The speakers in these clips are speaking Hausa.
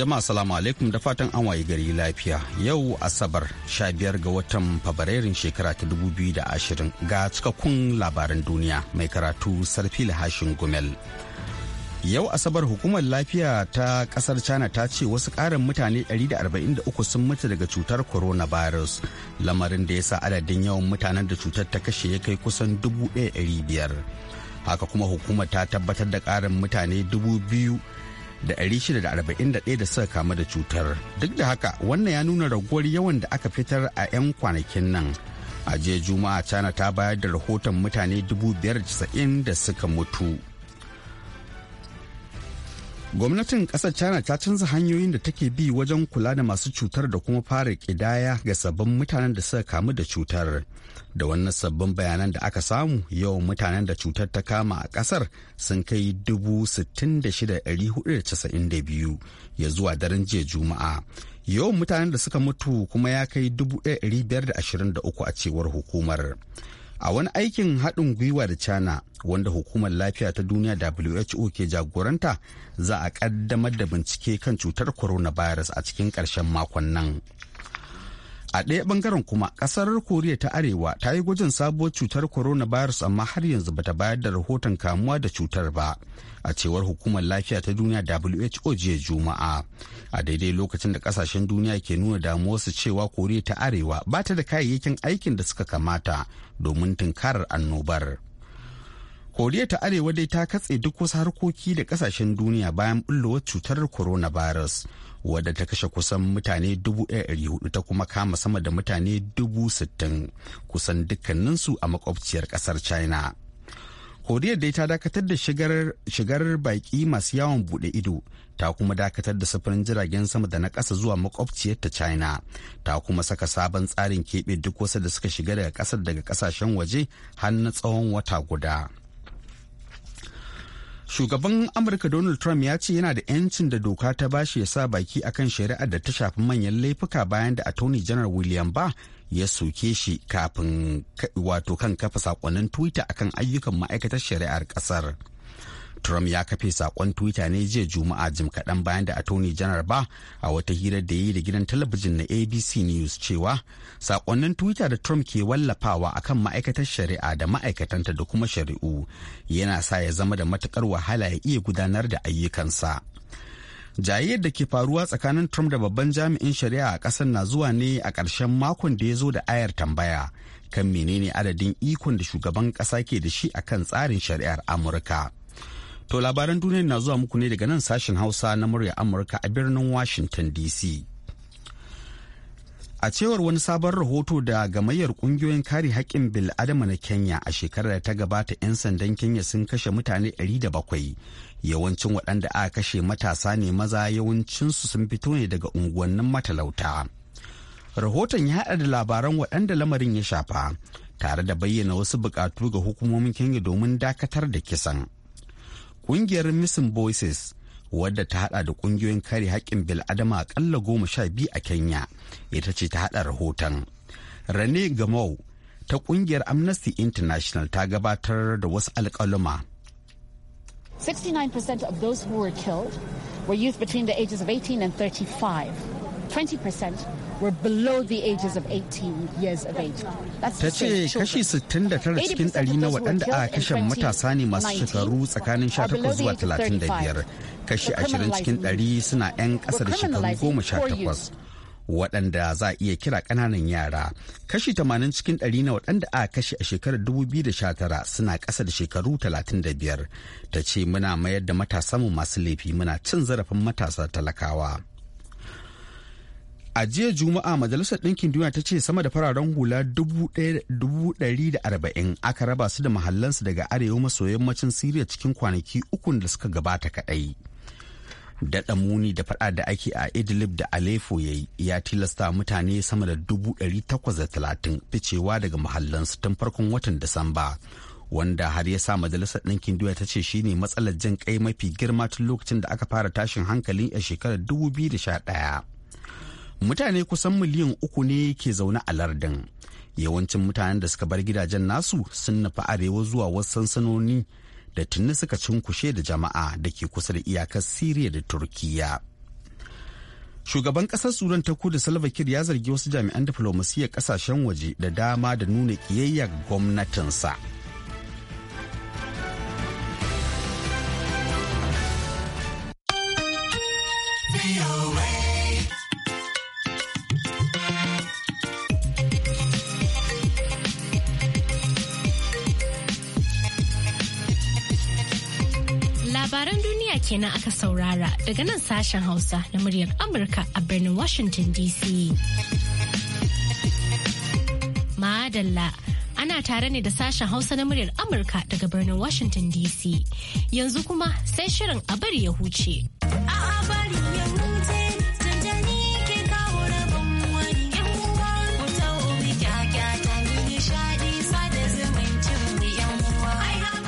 Jama'a salamu alaikum da fatan an waye gari lafiya yau Asabar 15 ga watan Fabrairun shekara ta 2020 ga cikakkun labaran duniya mai karatu sarfi Hashin Gumel. Yau Asabar hukumar lafiya ta kasar China ta ce wasu ƙarin mutane 143 sun mutu daga cutar coronavirus lamarin da ya sa adadin yawan mutanen da cutar ta kashe ya kai kusan 1,500. Haka kuma hukumar ta tabbatar da ƙarin mutane biyu. da 641 da suka kamu da cutar duk da haka wannan ya nuna raguwar yawan da aka fitar a 'yan kwanakin nan a jiya juma'a china ta bayar da rahoton mutane 5,090 da suka mutu gwamnatin kasar china ta canza hanyoyin da take bi wajen kula da masu cutar da kuma fara kidaya ga sabbin mutanen da suka kamu da cutar da wannan sabbin bayanan da aka samu yawan mutanen da cutar ta kama a kasar sun kai 66,492 ya zuwa daren jiya juma'a yawan mutanen da suka mutu kuma ya kai 1,523 a cewar hukumar a wani aikin haɗin gwiwa da china wanda hukumar lafiya ta duniya who ke jagoranta za a ƙaddamar da bincike kan cutar coronavirus a cikin ƙarshen makon nan. a ɗaya bangaren kuma ƙasar koriya ta arewa ta yi gwajin sabuwar cutar Corona Virus amma har yanzu bata bayar da rahoton kamuwa da cutar ba a cewar hukumar lafiya ta duniya who jiya juma'a a daidai lokacin da ƙasashen duniya ke nuna damuwa su cewa koriya ta arewa ba ta da kayayyakin aikin da suka kamata domin tunkarar annobar koriya ta arewa dai ta katse duk wasu harkoki da ƙasashen duniya bayan bullowar cutar coronavirus wadda ta kashe kusan mutane 1,400 ta kuma kama sama da mutane 60,000 kusan dukkaninsu a makwabciyar kasar china koriya dai ta dakatar da shigar baki masu yawon bude ido ta kuma dakatar da sufurin jiragen sama da na ƙasa zuwa makwabciyar ta china ta kuma saka sabon tsarin keɓe duk wasu da suka shiga daga ƙasar daga ƙasashen waje har na tsawon wata guda. shugaban amurka donald trump ya ce yana da 'yancin da doka ta bashi ya sa baki akan shari'ar da ta shafi manyan laifuka bayan da attorney general william ba ya soke shi kafin wato kan kafa sakonnin twitter akan ayyukan ma'aikatar shari'ar kasar Trump ya kafe sakon Twitter ne jiya Juma'a jim kaɗan bayan da Attorney General ba a wata hira da ya yi da gidan talabijin na ABC News cewa sakonnin Twitter da Trump ke wallafawa akan ma'aikatar shari'a da ma'aikatanta da kuma shari'u yana sa ya zama da matukar wahala ya iya gudanar da ayyukansa. jayayyar da ke faruwa tsakanin Trump da babban jami'in shari'a a ƙasar na zuwa ne a ƙarshen makon da ya zo da ayar tambaya kan menene adadin ikon da shugaban ƙasa ke da shi akan tsarin shari'ar Amurka. To labaran duniya na zuwa muku ne daga nan sashen Hausa na murya Amurka a birnin Washington DC. A cewar wani sabon rahoto da gamayyar kungiyoyin kare haƙƙin bil'adama na Kenya a shekarar da ta gabata 'yan sandan Kenya sun kashe mutane 107. Yawancin waɗanda aka kashe matasa ne maza yawancinsu sun fito ne daga unguwannin matalauta. Rahoton ya haɗa da labaran waɗanda lamarin ya shafa, tare da bayyana wasu buƙatu ga hukumomin Kenya domin dakatar da kisan. Ƙungiyar Missing Voices wadda ta hada da kungiyoyin kare haƙƙin bil'adama akalla goma sha biyu a kenya ita ce ta hada rahoton rene gamau ta kungiyar amnesty international ta gabatar da wasu alƙaluma 69% of those who were killed were youth between the ages of 18 and 35 20% Ta ce kashi 69 cikin ɗari na waɗanda a kashen matasa ne masu shekaru tsakanin 18 zuwa 35, kashi 20 cikin ɗari suna 'yan ƙasa da shekaru 18. waɗanda za a iya kira ƙananan yara kashi 80 cikin ɗari na waɗanda a kashi a shekarar 2019 suna ƙasa da shekaru 35 ta ce muna mayar da matasanmu masu laifi muna cin zarafin matasa talakawa a jiya juma'a majalisar ɗinkin duniya ta ce sama da fararen hula 140 aka raba su da mahallansu daga arewa maso yammacin siriya cikin kwanaki ukun da suka gabata kaɗai daɗa muni da faɗa da ake a idlib da aleppo ya yi ya tilasta mutane sama da 830 ficewa daga mahallansu tun farkon watan disamba wanda har ya sa majalisar ɗinkin duniya ta ce shine matsalar jin kai mafi girma tun lokacin da aka fara tashin hankali a shekarar 2011 mutane kusan miliyan uku ne ke zaune a lardin yawancin mutanen da suka bar gidajen nasu sun nufi arewa zuwa wasu sansanoni da tuni suka cinkushe da jama'a da ke kusa da iyakar siriya da turkiya shugaban kasar sudan ta kudu salva kiir ya zargi wasu jami'an diflomasiyyar kasashen waje da dama da nuna kiyayya ga gwamnatinsa kenan aka saurara daga nan sashen Hausa na muryar Amurka a birnin Washington DC. Madalla ana tare ne da sashen Hausa na muryar Amurka daga birnin Washington DC. Yanzu kuma sai shirin a bari ya huce.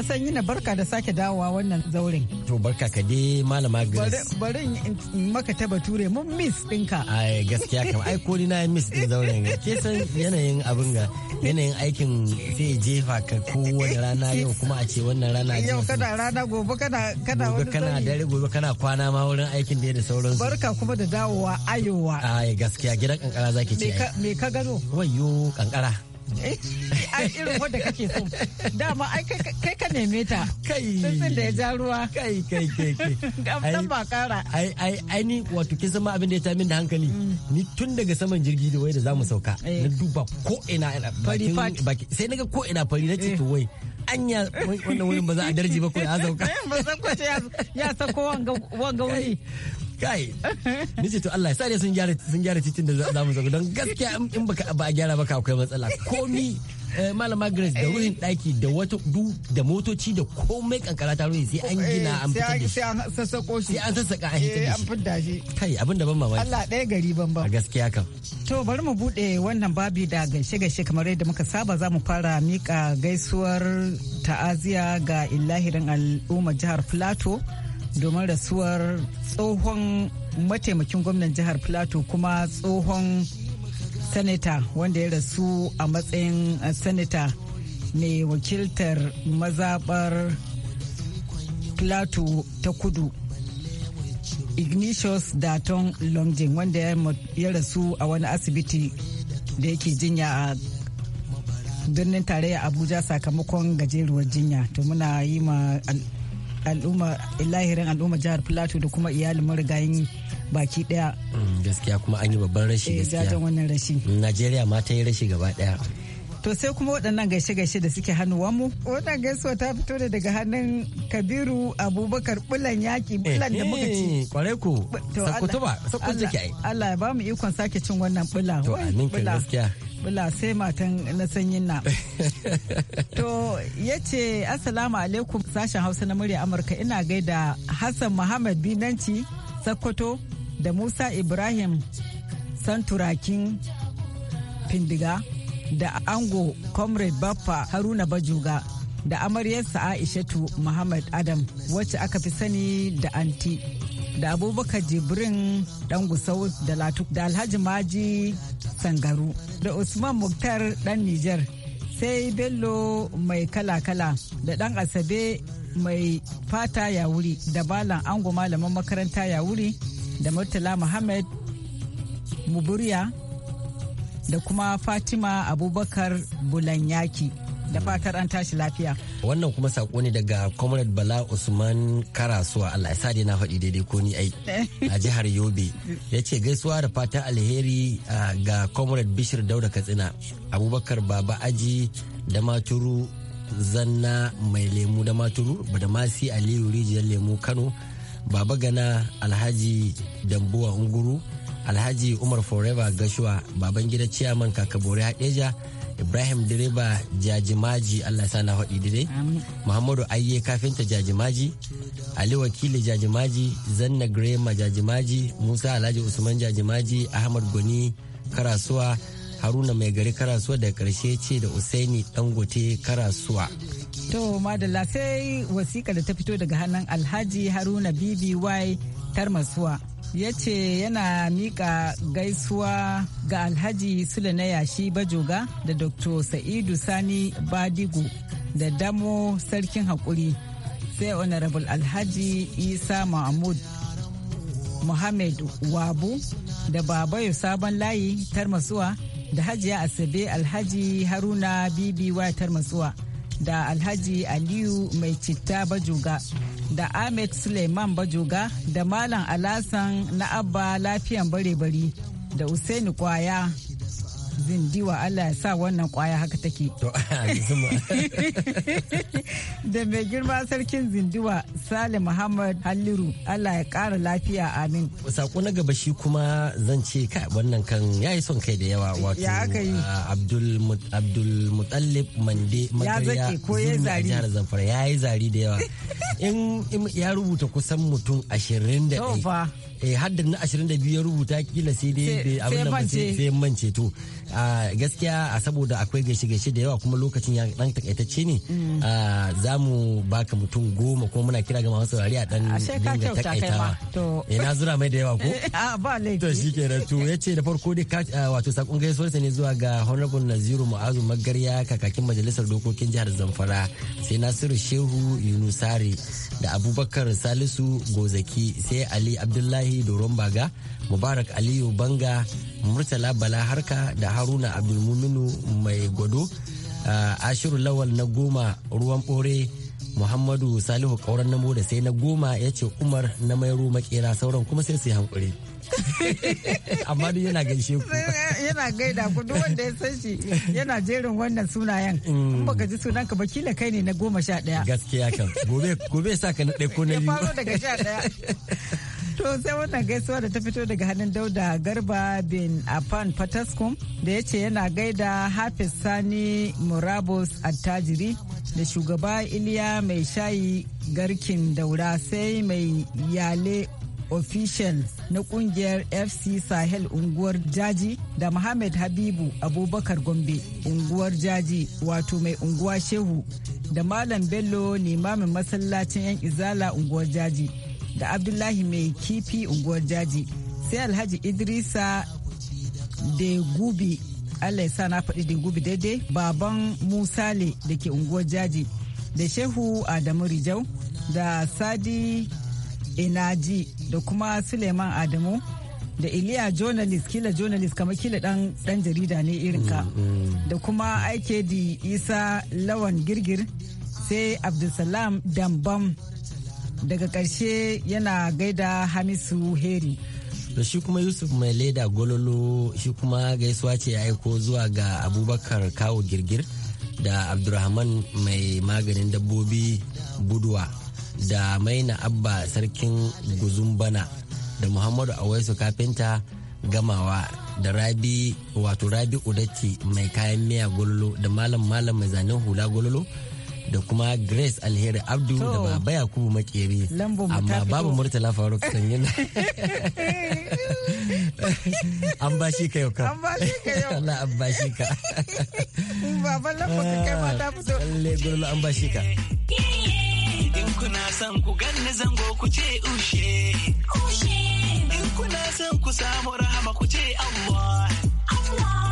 na san yi na barka da sake dawowa wannan zauren. To barka ka dai malama Grace. Bari in maka ta bature mun miss ɗinka. Ai gaskiya kam ai ko ni na miss din zauren ga. Ke san yanayin abin ga yanayin aikin sai jefa ka kowane rana yau kuma a ce wannan rana yau kana rana gobe kana kana wani kana dare gobe kana kwana ma wurin aikin da da sauransu. Barka kuma da dawowa ayowa. Ai gaskiya gidan kankara zaki ce. Me ka gano? Wayo kankara. Eh, ai irin wanda kake so dama ai kai ka neme ta kai tsintsin da ya ja ruwa kai kai kai kai dan ba kara ai ai ai ni wato kin san ma abin da ya tamin da hankali mm. ni tun daga saman jirgi da wai da zamu sauka eh. na duba ko ina fari baki sai naga ko ina fari nace to eh. wai anya wannan wurin ba za a darji ba ko ya sauka Ba ya sauko wanga wuri kai nace to Allah ya sa sun gyara sun gyara titin da za mu zago don gaskiya in baka ba a gyara ka akwai matsala komi eh, malama Grace da eh. ruhin daki da wata du da motoci da komai kankara ta ruhin sai an eh, gina an fitar da shi sai an sassako shi sai an sassaka an hitar da shi an fitar shi kai abin da ban mamaki Allah ɗaya gari ban ban a gaskiya kam to bari mu bude wannan babi da gaishe gaishe kamar yadda muka saba za mu fara mika gaisuwar ta'aziya ga illahirin al'umma jihar Plateau domin rasuwar tsohon mataimakin gwamnan jihar plato kuma tsohon sanata wanda ya rasu a matsayin sanata ne wakiltar mazabar plato ta kudu ignatius daton longdon wanda ya rasu a wani asibiti da yake jinya a birnin tarayya abuja sakamakon gajeruwar jinya to muna yi ma al'umma lahirin al'umma jihar plateau da kuma iyalin marigayin baki daya mm, gaskiya kuma an yi babban rashi eh, gaskiya wannan rashi najeriya ma ta yi rashi gaba daya to sai kuma waɗannan gaishe-gaishe da suke hannuwanmu wannan gaisuwa ta fito ne daga hannun kabiru abubakar bulan yaƙi bulan da muka ci eh, kwarai ku sakutuba sakutuba ke ai Allah ya ba mu ikon sake cin wannan bula to amin gaskiya bula sai matan na sanyin na to ya ce assalamu alaikum sashen hausa na murya amurka ina gaida hassan muhammad binanci sakkwato da musa ibrahim santurakin findiga da ango comrade baffa haruna bajuga da amaryarsa aishatu muhammad adam wacce aka fi sani da anti da abubakar jibrin dan gusau da latuk da alhaji maji sangaru da usman muktar dan nijar sai bello mai kala-kala da dan asabe mai fata ya wuri da balan ango malaman makaranta ya wuri da murtala muhammad muburiya da kuma fatima abubakar bulanyaki da fatar an tashi lafiya wannan kuma sako ne daga comrade bala usman karasuwa allah ya na faɗi daidai ko ni ai a jihar yobe ya ce gaisuwa da fatan alheri ga comrade bishir dauda katsina abubakar baba aji da maturu zanna mai lemu da maturu masi aliyu rijiyar lemu kano baba gana alhaji dambuwa unguru alhaji umar forever gashuwa baban gida ciyaman kakabore hadeja ibrahim direba jajimaji allah ya na faɗi dire muhammadu ayye kafinta jajimaji ali wakili jajimaji zanna grema jajimaji musa alhaji usman jajimaji ahmad goni karasuwa haruna mai gari karasuwa da karshe ce da usaini dangote karasuwa to madalla sai wasiƙa da ta fito daga hannun alhaji haruna bby tarmasuwa ya ce yana mika gaisuwa ga alhaji sule na yashi bajoga da dr sa'idu sani badigu da damo sarkin haƙuri sai honorable alhaji isa mahmud muhammad wabu da babayo sabon layi tarmasuwa da hajiya asabe alhaji haruna bibi wa tarmasuwa da alhaji aliyu mai citta bajuga da Ahmed Suleiman Bajoga da Malam Alasan na Abba Lafiyan Bare-bari da Usaini Kwaya zindiwa Allah ya sa wannan kwaya haka take. Da mai girma sarkin zindiwa Salim Muhammad Halliru Allah ya kara lafiya amin. Sako na gaba shi kuma zan ce ka wannan kan ya yi son kai da yawa wato Abdul Abdul Mutallib Mande Ya zake ko ya zari. Jihar Zamfara ya yi zari da yawa. In ya rubuta kusan mutum ashirin da ɗaya. Eh har na ashirin da biyu ya rubuta kila sai dai abin da sai mance to. gaskiya a saboda akwai gaishe-gaishe da yawa kuma lokacin ya dan takaitacce ne mm. za mu baka mutum goma ko muna kira ga masu saurari a dan dinga takaitawa ina eh, zura mai da yawa ko ah, ba laifi to shikenan to yace da farko dai wato sakon gaisuwar ne zuwa ga honorable Naziru Mu'azu Magarya kakakin majalisar dokokin jihar Zamfara sai Nasiru Shehu Yunusari da Abubakar Salisu Gozaki sai Ali Abdullahi Doron Baga mubarak aliyu banga murtala bala harka da haruna abdulmuminu mai gwado uh, ashiru lawal na goma ruwan bore muhammadu salihu kauran na da sai na goma ya ce umar na mairo makera sauran kuma sai su yi hankuri amma duk yana gaishe ku yana gaida ku duk wanda ya san shi yana jerin wannan sunayen mm. in baka ji sunan ka kila kai ne na goma sha daya gaskiya kan gobe gobe sa ka na ɗaya ko na biyu ya faro daga sha daya To sai wannan gaisuwa da ta fito daga hannun Dauda Garba bin Afan Fataskum da ya ce yana gaida Hafiz Sani Murabus Attajiri da shugaba Iliya mai shayi garkin daura sai mai yale official na kungiyar fc sahel unguwar jaji da Muhammad habibu abubakar gombe unguwar jaji wato mai unguwa shehu da malam bello limamin masallacin yan izala unguwar jaji da abdullahi mai kifi unguwar jaji sai alhaji idrisa da gubi allah ya sa na faɗi da gubi daidai baban musale da ke unguwar jaji da shehu adamu rijau da sadi inaji da kuma suleiman adamu da iliya journalist kila journalist kamar kila dan dan jarida ne irin ka mm, mm. da kuma aike di isa lawan girgir sai abdulsalam dambam daga ƙarshe yana gaida hamisu heri da shi kuma yusuf mai leda gololo shi kuma gaisuwa ce ya aiko zuwa ga abubakar kawo girgir da abdurrahman mai maganin dabbobi buduwa da maina abba sarkin guzumbana da muhammadu awaisu kafinta gamawa da rabi wato rabi udatti mai kayan miya gololo da malam malam mai zanen hula gololo da kuma grace alheri abdu da baba yakubu makeri amma babu murtala faruk yin an ba shi ka yau ka Allah an ba shi ka baban lafa ka kai mata fito an ba shi ka in kuna son ku ganni zango ku ce ushe ushe in kuna son ku samu rahama ku ce Allah Allah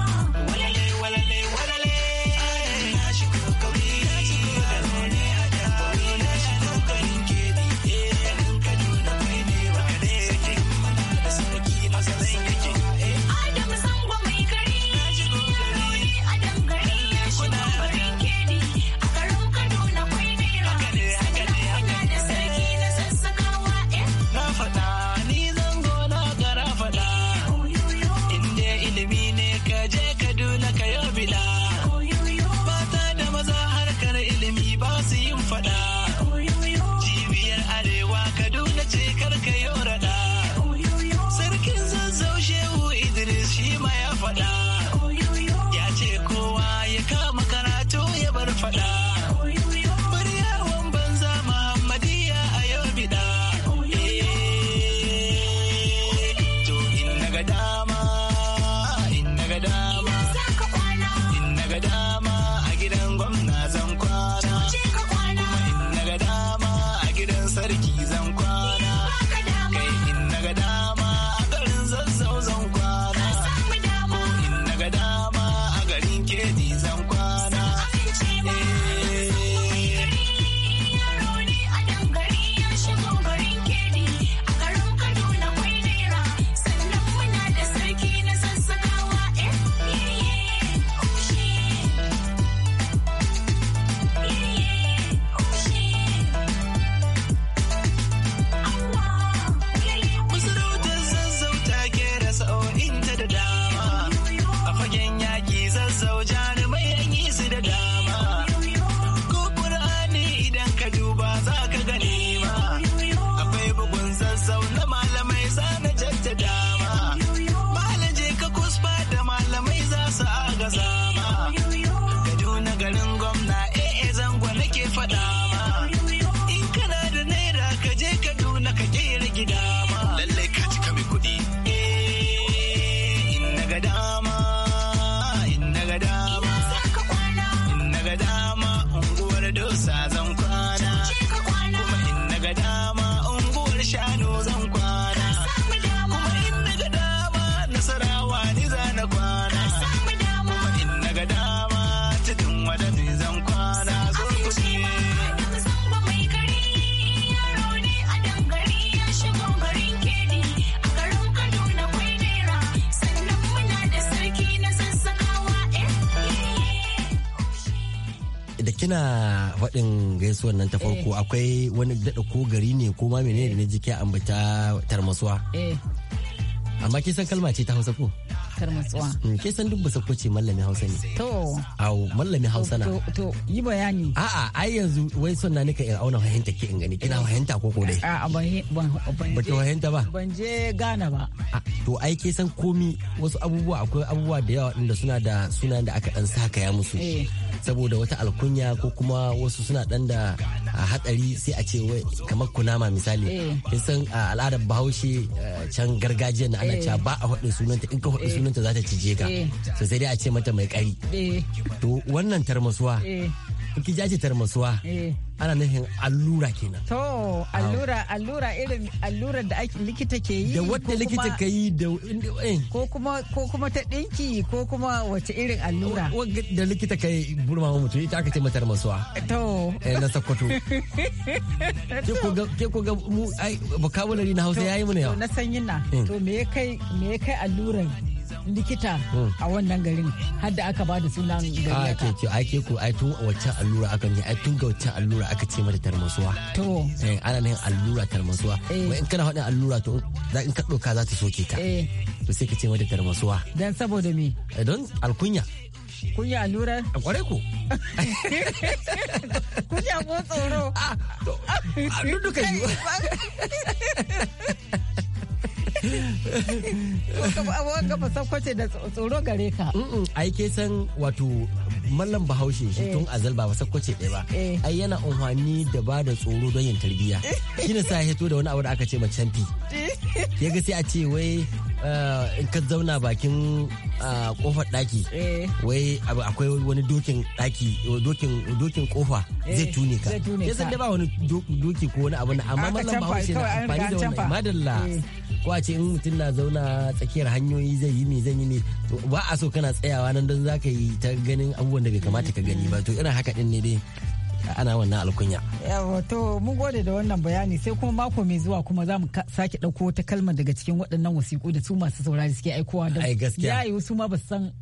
tuna faɗin gaisuwan nan ta eh. farko akwai wani daɗa ko gari ne ko ma menene da na ji an bata tarmasuwa. Eh. Amma kisan kalma ce ta Hausa ko? Tarmasuwa. Mm, ke san duk basa ce mallami Hausa ne. To. Au mallami Hausa na. To yi bayani. A'a ai yanzu wai son na nika in auna fahimta ke ingani gani kina fahimta ko ko dai. ban ban ban. Ba ki fahimta ba. Ban je gana ba. To ai ke san komi wasu abubuwa akwai abubuwa da yawa inda suna da sunan da aka dan saka ya musu. Eh. saboda wata alkunya ko kuma wasu suna dan da hatsari sai a ce kamar kunama misali eh. san al'adar bahaushe eh, can gargajiya na ana eh. cewa ba a hudu sunanta in ka hudu sunanta za ta cije ka sai dai a ce mata mai kari to wannan tarmasuwa ki jaji tarmasuwa eh. ana nufin allura kenan to allura allura irin allura da ake likita ke yi da wanda likita ke yi da eh. ko kuma ko kuma ta dinki ko kuma wace irin allura da likita ka yi burma mutum ita aka ce mata tarmasuwa to eh, na sakkwato ke ko ga mu ai vocabulary na Hausa yayi mu ne na sanyin na hmm. to me kai me kai allurar likita hmm. a wannan garin har da aka bada sunan gari ah, a ke ku ai tun wacce allura aka ne ai tun ga wacce allura aka ce mata tarmasuwa to eh ana nan allura tarmasuwa eh. wa in kana faɗin allura to in ka doka za ta soke ka eh. to sai ka ce mata tarmasuwa dan saboda me eh, don alkunya kunya allura? A kware ku. kunya ko tsoro. Ah, a duk ka yi. kafa kwace da tsoro gare ka ai ke san wato mallam bahaushe shi eh. tun azal ba kwace ɗaya ba eh. ai yana unhwani da ba da tsoro don yin tarbiyya eh. shi ne sa ya da wani abu da aka ce ma canfi ya ga sai a ce wai uh, in ka zauna bakin kofar uh, ɗaki. wai akwai wani dokin ɗaki dokin kofa zai tune ka ya san da ba wani doki ko wani abu na amma mallam bahaushe na amfani da wani madalla ko a ce in mutum na zauna tsakiyar hanyoyi zai yi mai zan yi ne ba a so kana tsayawa nan don zaka yi ta ganin abubuwan da bai kamata ka gani ba to irin haka din ne dai ana wannan alkunya. to mun gode da wannan bayani sai kuma mako mai zuwa kuma za mu sake ɗauko wata kalmar daga cikin waɗannan wasiƙu da su masu saurari suke aikowa da ya yi su ma ba san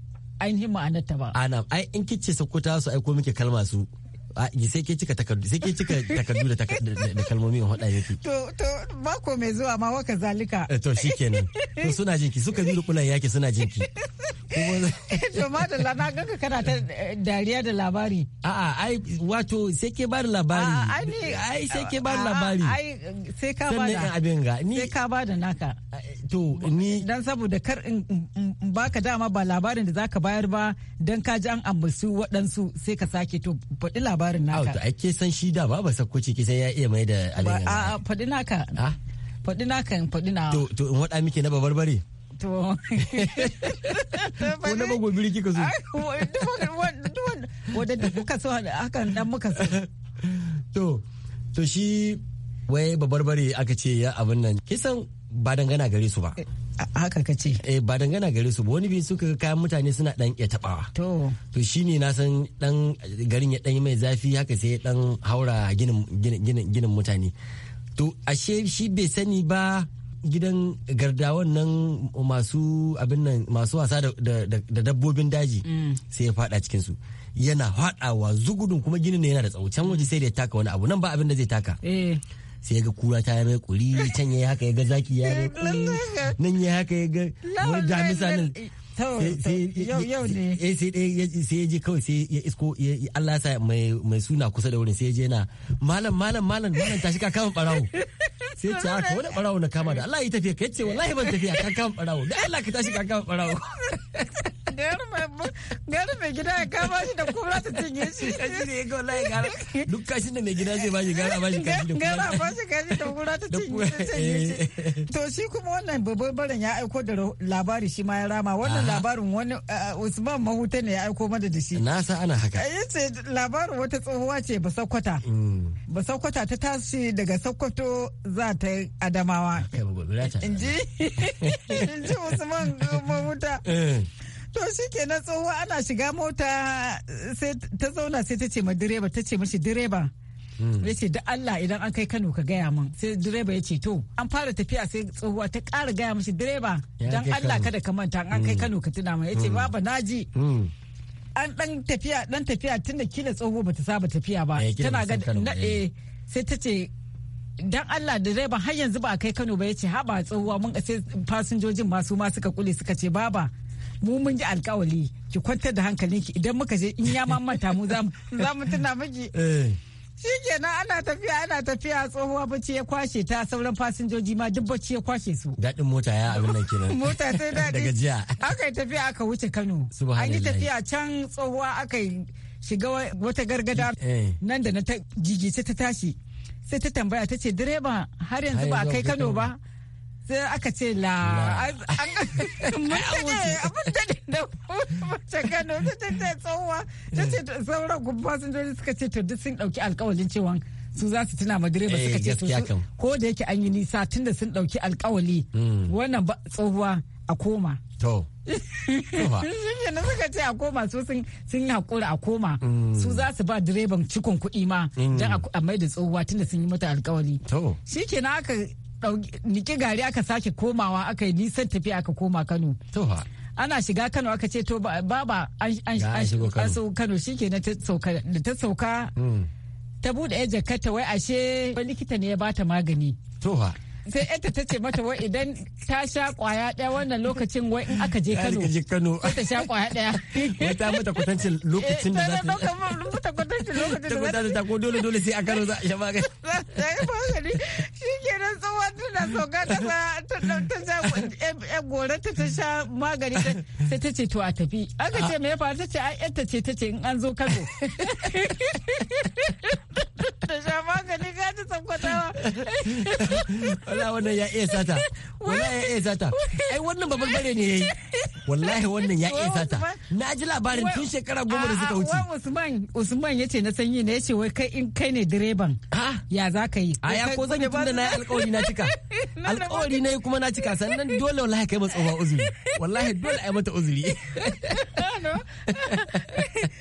ainihin ma'anarta ba. Ana ai in kice sakuta su aiko muke kalma su. sai ke cika takardu sai ke cika takardu da da kalmomi in hada yake to to ko mai zuwa ma waka zalika eh, to shikenan to suna jinki suka bi rukunan yake suna jinki to da na ga kana ta eh, dariya da labari a'a ai wato sai ke ba da labari ai sai ke ba da labari ai sai ka ba da ni sai ka ba da naka to ni dan saboda kar in baka dama ba labarin da zaka bayar ba dan ka ji an ambasu waɗansu sai ka sake to faɗi labarin naka to ake san shi da ba ba sakkoci ki sai ya iya mai da alin a faɗi naka ah? faɗi naka in faɗi na to to in waɗa miki na babarbare to ko na bagobiri kika so wanda da kuka so hakan dan muka so to to shi wai babarbare aka ce ya abin nan kisan ba dangana gare su ba haka ka ce eh ba dangana gare su ba wani bi suka kayan mutane suna dan ya tabawa to to shine na san dan garin ya dan mai zafi haka sai ya dan haura ginin mutane to ashe shi bai sani ba gidan gardawan nan masu abin nan masu wasa da dabbobin daji mm. sai ya fada cikin su yana fadawa zugudun kuma ginin ne yana da tsawo can waje sai da ya taka wani abu nan ba abin da zai taka eh. sai ga kura ta mai kuri can ya haka ya ga zaki ya mai kuri nan ya haka ya ga wani jamisa nan sai ya je kawai sai ya isko Allah sa mai suna kusa da wurin sai ya je na malam malam malam malam tashi ka kama barawo sai ce haka ah, wani barawo na kama da Allah ya tafiya ka ce wallahi ban tafiya ka kama barawo da Allah ka tashi ka kama barawo gari mai gida ya kama shi da kura ta cinye shi kashi ne ga wallahi gara duk kashin da mai gida zai bashi gara bashi kashi da kura gara bashi kashi da kura ta cinye shi eh. to shi kuma wannan babban barin ya aiko da labari shi ma ya rama wannan labarin wani Usman Mahuta ne ya aiko mana da shi na sa ana haka eh, yace labarin wata tsohuwa ce ba Sokoto mm. ba Sokoto ta tashi daga Sokoto za ta Adamawa inji inji Usman Mahuta eh. To shi na tsohuwa ana shiga mota sai ta zauna sai ta ce ma direba ta ce mashi direba. Hmm. ya ce da Allah idan an kai Kano ka gaya min sai direba ya ce to an fara tafiya sai tsohuwa ta ƙara gaya mashi direba don Allah kada ka manta an kai hmm. Kano ka tuna min ya ce hmm. baba naji an dan tafiya dan tafiya tunda kila tsohuwa bata saba tafiya ba eh, tana ga nade eh. eh, sai ta ce dan Allah direba har yanzu ba a kai Kano ba ya ce haba tsohuwa mun sai fasinjojin su ma suka kule suka ce baba mu mun ji alkawali ki kwantar da hankalinki idan muka je in ya mamanta mu za mu tuna miki eh. shi kenan ana tafiya ana tafiya tsohuwa bacci ya kwashe ta sauran fasinjoji ma duk bacci ya kwashe su daɗin mota ya abin nan kenan mota sai daɗi daga jiya aka yi tafiya aka wuce Kano an yi tafiya can tsohuwa aka yi shiga wata gargada eh. nan da na ta jijice ta tashi sai ta tambaya ta ce direba har yanzu ba kai Kano ba sai aka ce la mun dade abin da da wata gano ta ce ta tsohuwa ta ce sauran gubba sun joji suka ce to duk sun dauki alkawalin cewa su za su tuna ma direba suka eh, ce su ko da yake an yi nisa tunda sun dauki alkawali hmm. wannan tsohuwa a koma to yana suka ce a koma su sun haƙura a koma hmm. su za su ba direban cikon kuɗi ma don a hmm. mai da tsohuwa tunda sun yi mata alkawali shikenan aka niki gari aka sake komawa aka yi nisan tafiya aka koma Kano. ana shiga Kano aka ce to baba an shigo Kano shike na ta sauka ta hmm. bude ya jakarta wai ashe likita ne ya bata magani. sai yanta ta ce mata wai idan ta sha kwaya daya wannan lokacin wai in aka je Kano. Kano. ta sha kwaya daya. Wai ta mata kwatancin lokacin da eh, za ta. Ta mata kwatancin lokacin da za ta. Ta ko dole dole sai a Kano za a sha magani. nan tsohon tana soka ta sha yan gore ta sha magani sai ta ce to a tafi aka ce me ya faru ta ce ai ta ce ta ce in an zo kano da sha magani ka ji tsakwatawa wala wannan ya iya sata wala ya iya sata ai wannan babban bare ne yayi wallahi wannan ya iya sata na ji labarin tun shekara goma da suka wuce usman usman yace na sanyi ne yace wai kai in kai ne direban ya za ka yi a ya ko zan yi tunda na yi alkawari na cika alkawari na yi kuma na cika sannan dole wallahi kai matsowa uzuri wallahi dole a yi mata uzuri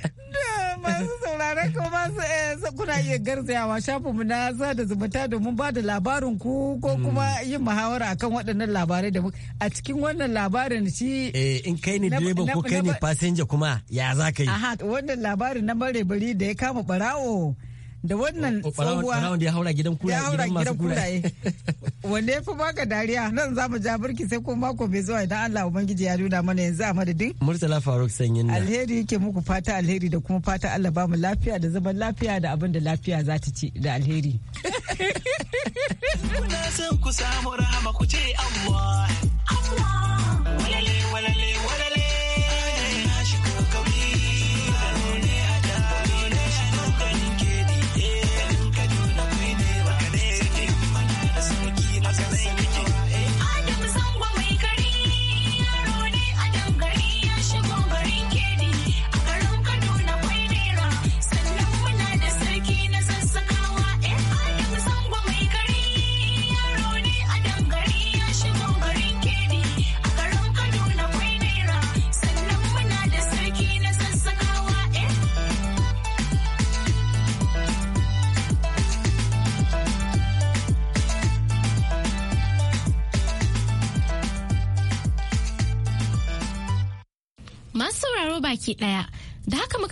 masu sauraron ko masu eh, kuna iya garzayawa shafinmu na da zumunta domin ba da labarin ku ko hmm. kuma yin muhawara akan waɗannan labarai da a cikin wannan labarin shi eh, in kai ne direba ko kai ne fasinja kuma ya za ka yi wannan labarin na mare bari da ya kama barawo da wannan oh, tsohuwa da ya haura gidan kula gidan masu ya wanda ya fi baka dariya nan za mu ja burki sai ko mako mai zuwa idan Allah ubangiji ya nuna mana yanzu a madadin Murtala Faruk sanyin na alheri yake muku fata alheri da kuma fata Allah ba mu lafiya da zaman lafiya da abin da lafiya za ta ci da alheri Muna son ku samu rahama ku ce Allah Allah walale walale walale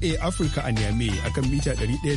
VOA Africa a Niamey akan mita